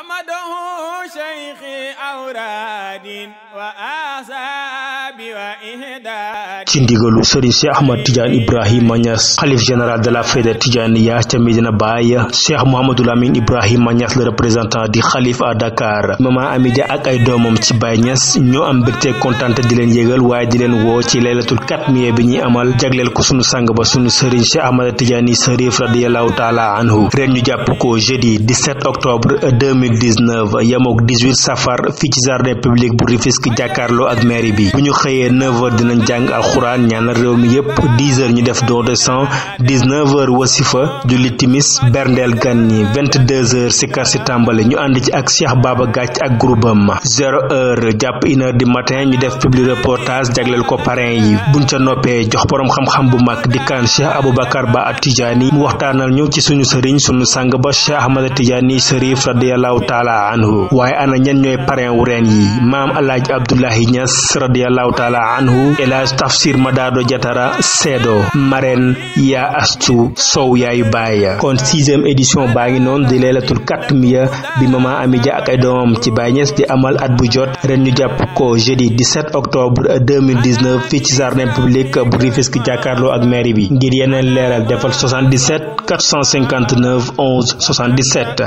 أمده شيخ أوراد وآثار ci ndigalu sëriñ si ahmad tidiane ibrahima ñas xalif général de la fayda tijaaniya ca Medina Baye cheikh mouhamadul amin ibrahima ñas le représentant di xalif à dakar mama amidia ak ay doomam ci Baye ñas ñoo am mbégte kontante di leen yëgal waaye di leen woo ci laylatul katmiya bi ñuy amal jagleel ko sunu sang ba sunu sëriñ si ahmad tidiane sërif radiallahu taala anhu ren ñu jàpp ko jeudi 17 octobre 2019 yamook 18 safar fii ci jardin public bu Rufisque jàkkaarloo ak mairie bi bu xëy xëyee 9h dinañ jàng alxuraan ñaanal réew mi yépp 10h ñu def don de sang 19h wasifa julli timis berndeel gan ñi 22h sikkar si tàmbale ñu ànd ci ak Cheikh Baba Gàcc ak groupam 0h jàpp 1 di du matin ñu def publi reportage jagleel ko parrain yi buñ ca noppee jox borom xam-xam bu mag di kaan Cheikh Aboubacar Ba at Tijaani mu waxtaanal ñëw ci suñu sëriñ suñu sang ba Cheikh Ahmad Tijaani Sharif radiyallahu taala anhu waaye ana ñen ñooy parrain wu yi maam Alaaji Abdoulahi taala anhu elaj tafsir madaɗo diatara seeɗo maren ya astu sow yaayu baaya kon sixième édition baa ngi noonu di leelatul katmiya bi mama amidia ak ay doomam ci Baye Niass di amal at bu jot ren ñu jàpp ko jeudi 17 octobre 2019 fii ci jardin public bu Rufisque jàkkaarloo ak mairie bi ngir yeneen leeral defal 77 459 11 77